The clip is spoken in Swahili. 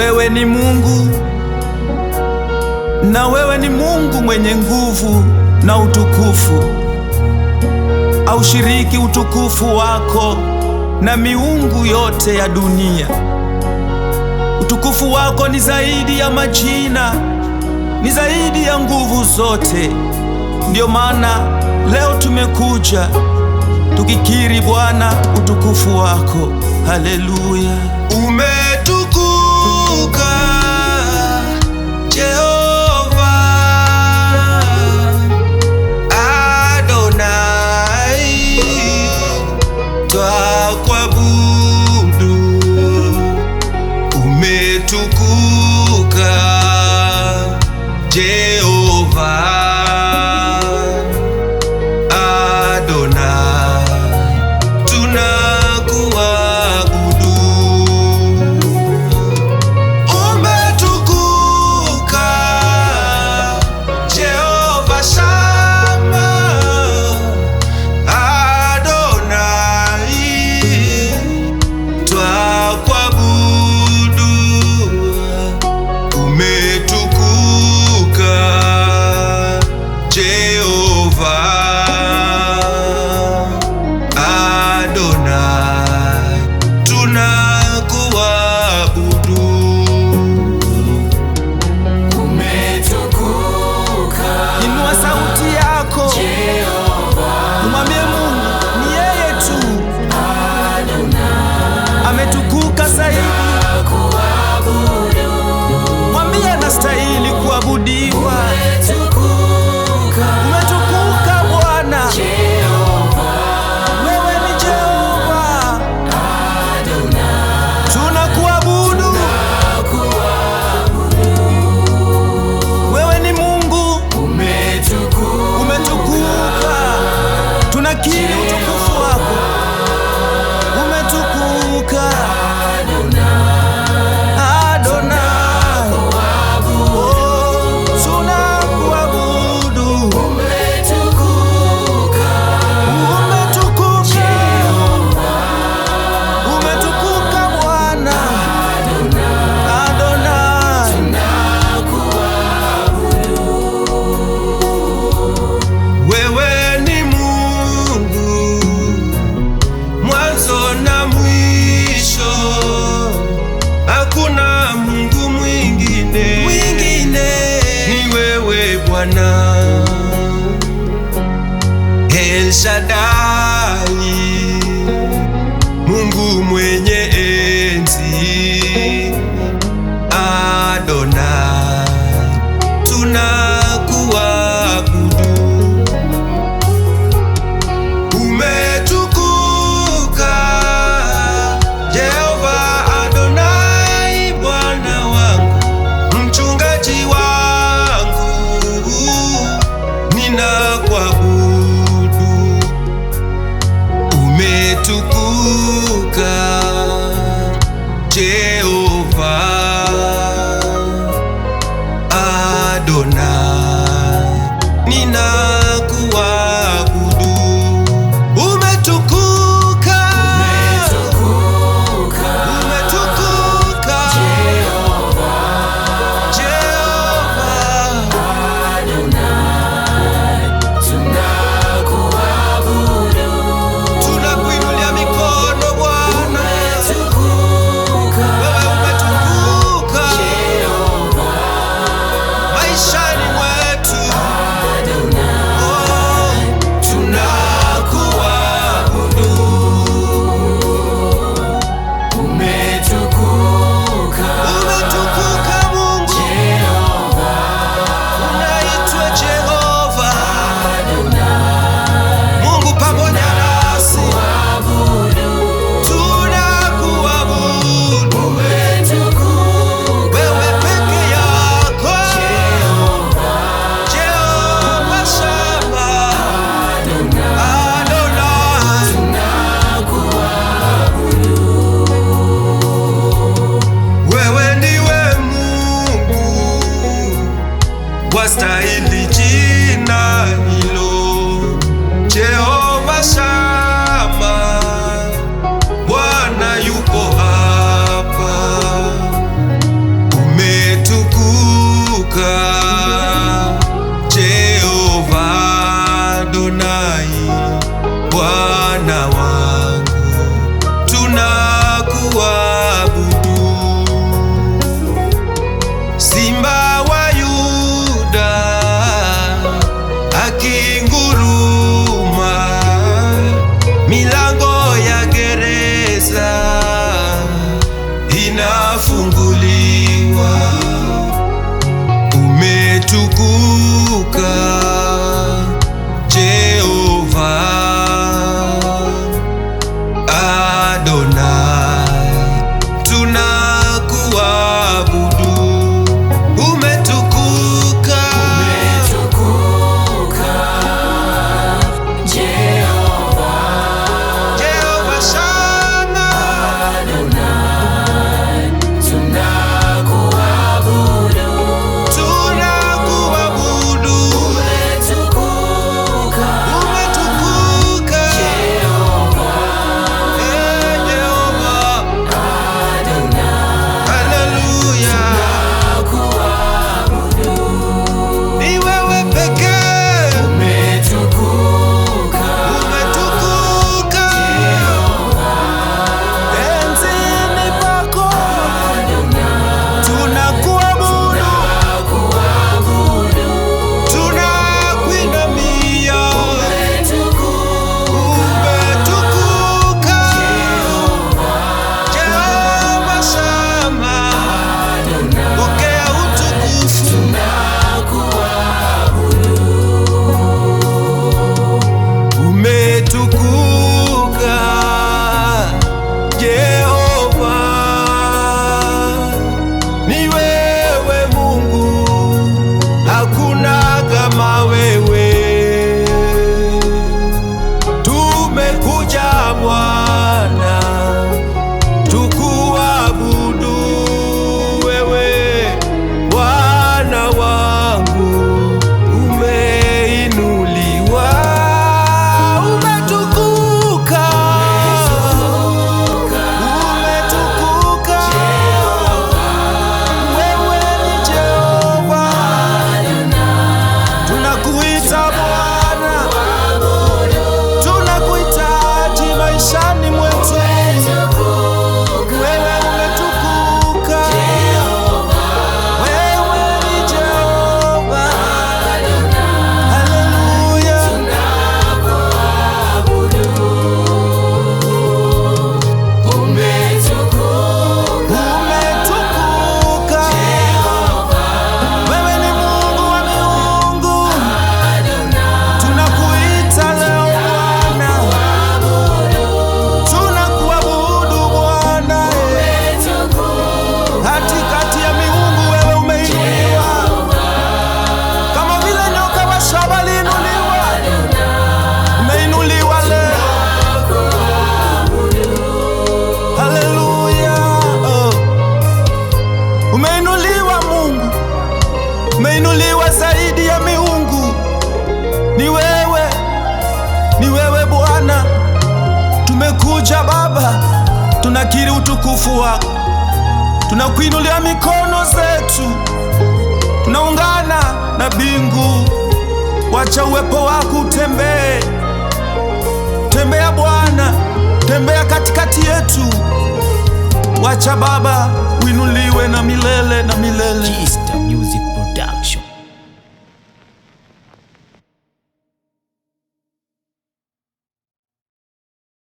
Wewe ni Mungu na wewe ni Mungu mwenye nguvu na utukufu. Aushiriki utukufu wako na miungu yote ya dunia. Utukufu wako ni zaidi ya majina, ni zaidi ya nguvu zote. ndio maana leo tumekuja tukikiri Bwana utukufu wako. Haleluya, ume say Shut I alma. Bwana, tumekuja Baba, tunakiri utukufu wako, tunakuinulia mikono zetu, tunaungana na bingu Wacha uwepo wako utembee, tembea Bwana, tembea katikati yetu. Wacha Baba uinuliwe na milele na milele. Gista Music Production.